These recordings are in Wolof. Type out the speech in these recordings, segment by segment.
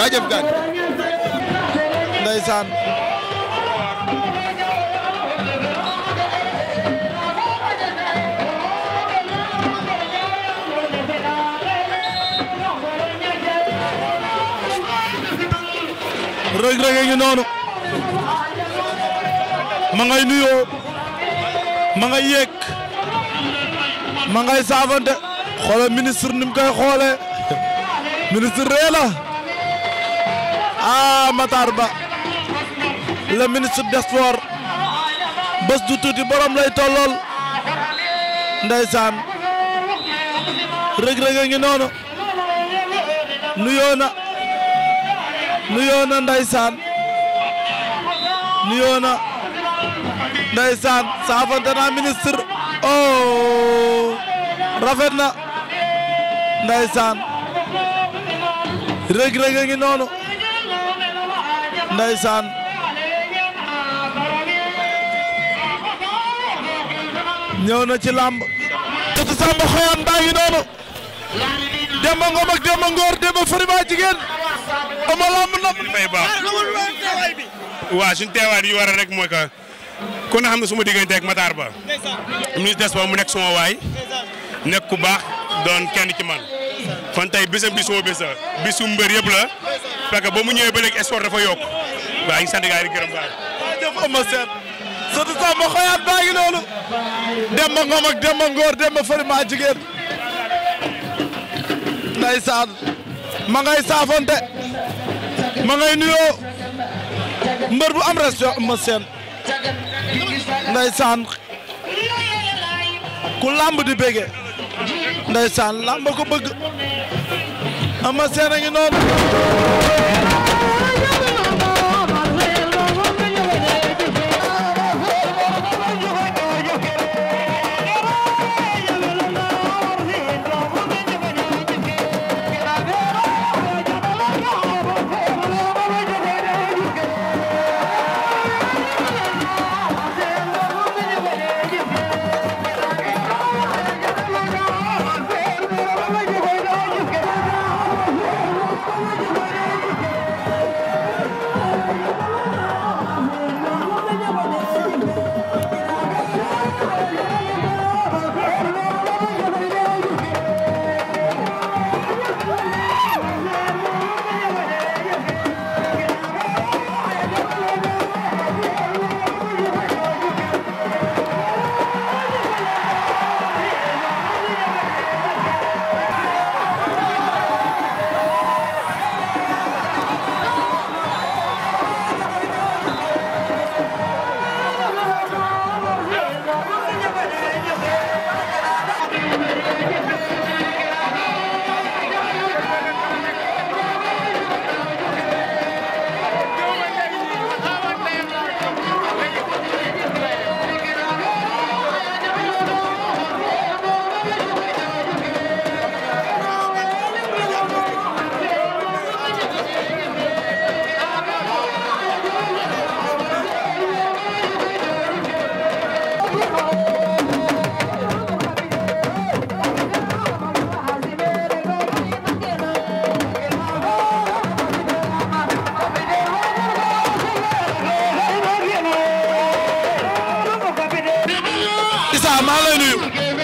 jaajëf gaan ndeysaan ngi noonu ma ngay nuyoo ma ngay yéeg ma ngay saafante xoolal ministre ni mu koy xoolee ministre ree ah Matar Ba le ministre des sports bés du tuuti borom lay tollool ndeysaan rëg-rëg a noonu nuyoo na nuyoo na ndeysaan nuyoo na ndeysaan saafante ministre oh rafet na ndeysaan rëg-rëg a noonu ndeysaan na ci làmb Caatu Samba Xoyaan baa ngi Demba Ngom Demba Ngor Demba Fari jigéen ama làmb na fay baax waaw suñu yu war a rek mooy que kon xam diggante ak Matar Ba ministre des mu nekk suma waay nekk ku baax doon kenn ci kon tey bésam bi suma bésa mbër yëpp la ba mu ñëwee ba léegi sport dafa yokk waaye sant gars yi di gërëm ma xoyaat baa ngi noonu. dem ba ngoom ak dem maa jigéen. ndeysaan ma ngay saafonte. ma ngay nuyoo. mbër bu am respect Eumeu Sène. ndeysaan ku lamb di bége. ndeysaan lamb ko bëgg. Eumeu Sène a ngi noonu.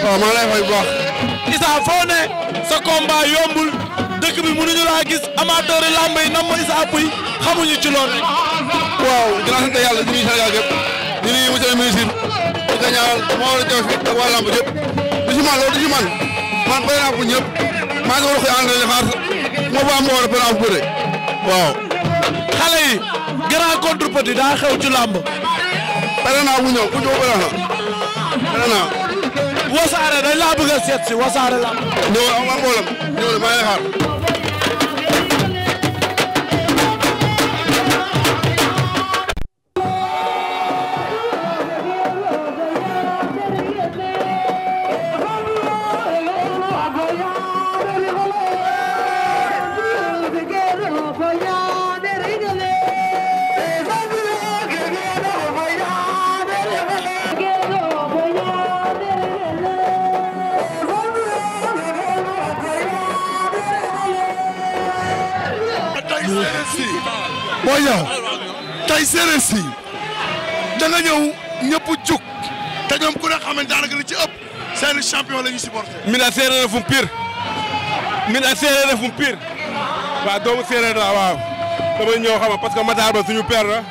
waaw maa lay fay bu baax. Issa foo ne sa combat yombul dëkk bi mënuñu laa gis amateur yi làmb yi nam ma Issa xamuñu ci waaw dinaa sant yàlla di nuyu Sénégal yëpp di nuyu monsieur le ministre di ko ñaanal maa war a teew fii ak waa làmb du si man loolu du si man man bëri naa ñëpp maa ngi war a xëy ànd xaar moo ba moo war a bëri naa ko bëre waaw. xale yi grand contre daa xew ci làmb. pare naa bu ñëw wasaare dañ laa bëgg a seet si wasaare la. ñëw am mbooloo ñëw maa ngi xaar. Boy Niang tey séeréer si da ñëw ñëpp jug te ñoom ku ne xam ne daanaka li ci ëpp seen champion la ñu supporté. min a séeréer la fu mu pire min a séeréer la fu mu pire doomu séeréer la waaw damay ñëw xam nga parce que Matar ba suñu père la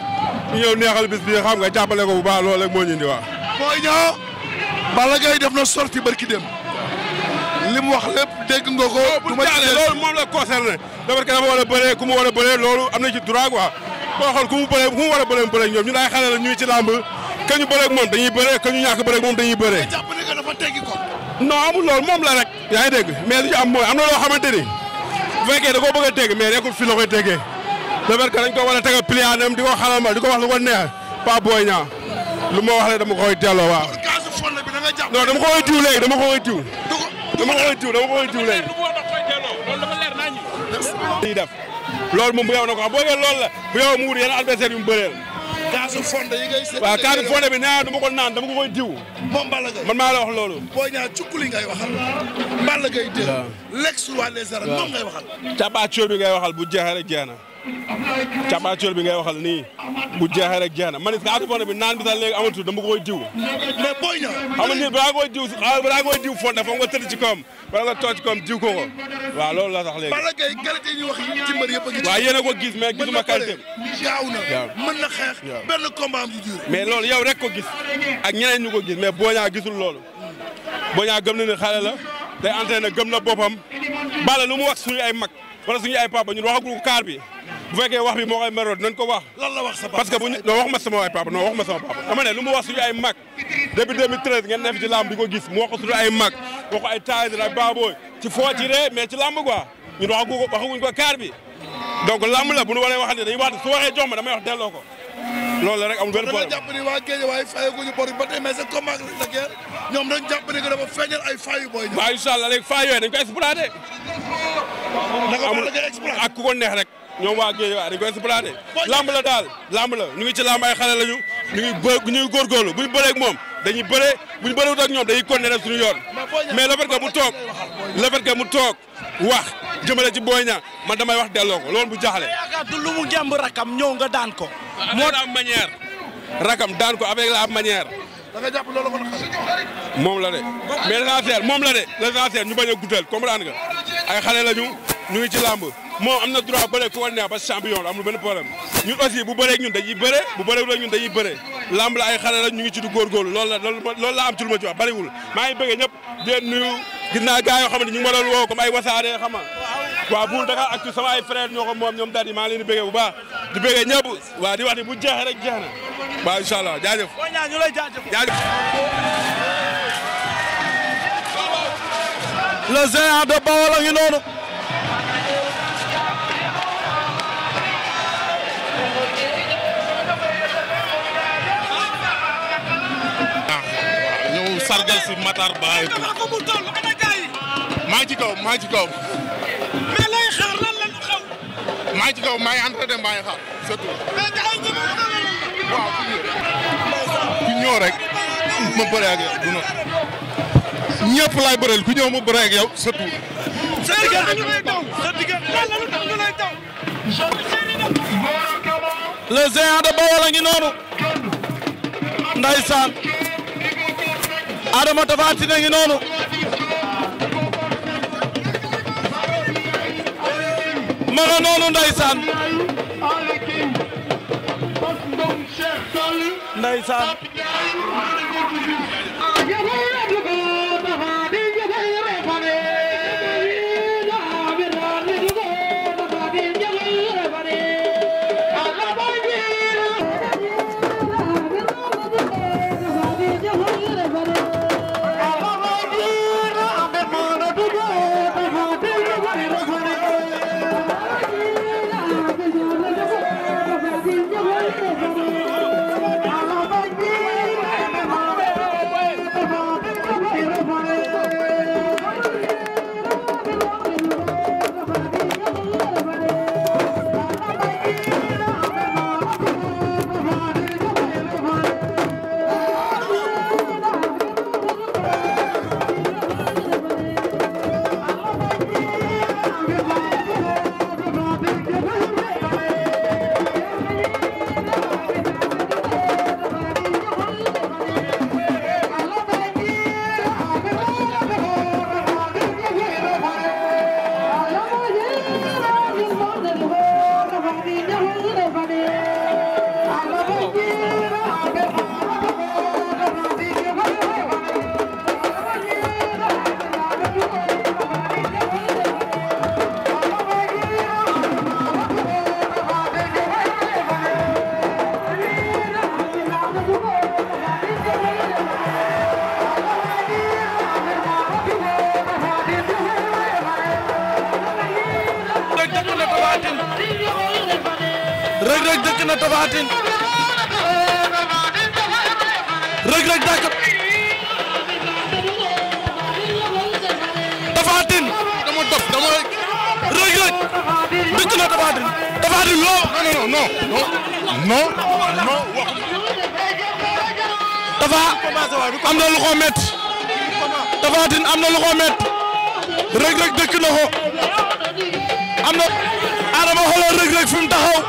ñu ñëw neexal bis bi xam nga jàppale ko bu baax loolu rek moo ñu indi waaw. Boy Niang Balla Gaye def na sorti barki dem li mu wax lépp dégg nga ko. du ma loolu moom la concerné. dafa dafa war a bëree ku mu war a loolu am na ci droit quoi koo xool ku mu mu war a bëree bëree ñoom xale la ñuy ci làmb ka ñu bëree dañuy bëree ka ñu ñàkk bëree dañuy bëree. jàpp ne ko. non amul loolu moom la rek. yaa ngi dégg mais li am mooy am na loo xamante ni bu fekkee da koo bëgg a tegg mais nekkul fii la koy teggee dafa dañ ko war a teg a plianam di ko neex pas booy dama koy diw dama koy diw léegi. loolu dafa leer bu yow na ko boo ngeen loolu la bu yow mu wut yenn adversaire yu mu bëreel. kaasu yi ngay. waaw kaasu diw. man maa la wax loolu. boo ngay waxal. Balla Gaye dégg. waaw lekk les ngay waxal. tabac bi ngay waxal bu jeexee rek na. cappaacol bi ngay waxal nii bu jeexee rek jeex na man bi naan bi sax léegi amatul dama ko koy diw. mais booy ñëw. xam nga nit balaa koy diw ah balaa koy diw fonde foog nga tëdd ci koom wala nga toog ci koom diw ko ko waaw loolu la sax léegi. Balla Gaye qualité yi ñuy wax ci a ngi ci. waaw yéen a ko gis mais gisuma qualité gaaw na mën na loolu yow rek ko gis ak ñeneen ñu ko gis mais boo gisul loolu boo gëm ne xale la day entraîné gëm na boppam Balla lu wax suñu ay mag wala suñu ay papa ñun waxagul ko kaar bi bu fekkee wax bi moo koy meroo dinañ ko wax. lan la wax sa papa parce que bu ñu non waxuma sama waay papa non waxuma sama papa. dama ne lu mu wax suñu ay mag depuis 2013 ngeen nekk ci làmb di ko gis mu wax ko suñu ay mag wax ko ay taay ay baabooy ci foo ci ree mais ci làmb quoi ñun waxaguñ ko waxaguñ ko kaar bi donc làmb la bu ñu waree waxante dañuy wax su waxee jox ma damay wax delloo ko. loolu la rek amul benn problème da nga jàpp ni waa Géeja waaye fayaguñu bor ba tey mais sa combat ak Lac de Guiers ñoom dañ jàpp ni que dafa feeñal ay fayu booy. waaw incha allah léegi fayu yooyu dañ ko exploité. amul ak ku ko neex rek ñoom waa Guèye waaye dañ koy exploité lamb la daal lamb la ñu ngi ci lamb ay xale lañu ñu ñu ngi góorgóorlu bu ñu bëree moom dañuy bëree bu ñu bëreewut ak ñoom dañuy continuer def suñu yoon mais le fait que mu toog le fait que mu toog wax jëmale ci Boy Niang man damay wax delloo ko loolu bu jaaxle. yaakaar lu mu jàmb rakam ñëw nga daan ko. moo tax manière rakam daan ko avec la manière. da nga jàpp loolu moom la de mais l'essentiel moom la de l'essentiel ñu bañ a guddal comprendre nga ay xale lañu. ñu ngi ci làmb moom am na droit bëre ku war neex ba champion la amul benn problème ñun aussi bu bëree ñun la ay xale la ñu ngi ci du góorgóorlu loolu la loolu la am ci lu ma ci wax maa ngi bëggee ñëpp di leen nuyu gis naa gars yoo xam ne ñu ngi ma doon woo comme ay wasaare xama waaw bu Dakar Actu sama ay frère ñoo ko moom ñoom daal di maa leen di bëggee bu baax di bëggee ñëpp waaw di wax ni bu jeexee rek jeex na waaw incha allah jaajëf jaajëf le géant de Bawol a ngi sargal si Matar Ba ci kaw ci kaw. mais lay la ñu ngi ci kaw maa Adama Tapha Tine ngi noonu ma nga noonu ndeysaan Tapha Tine Reug Reug dëkk na Tapha Tine Reug Reug dàq Tapha Tine dama topp dama Reug Reug dëkk na Tapha Tine Tapha Tine loo non non non non Tapha am na lu ko métti Tapha Tine am na lu ko métti Reug Reug dëkk na ko am na Adama xoolal Reug Reug fi mu taxaw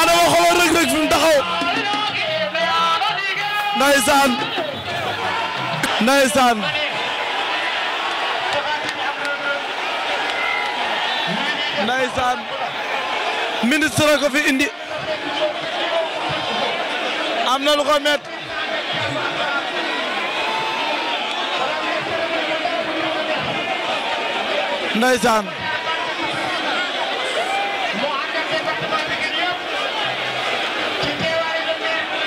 Adama xoolal Reug Reug fi mu taxaw ndeysaan ndeysaan ndeysaan ministre ko fi indi am na lu ko met ndeysaan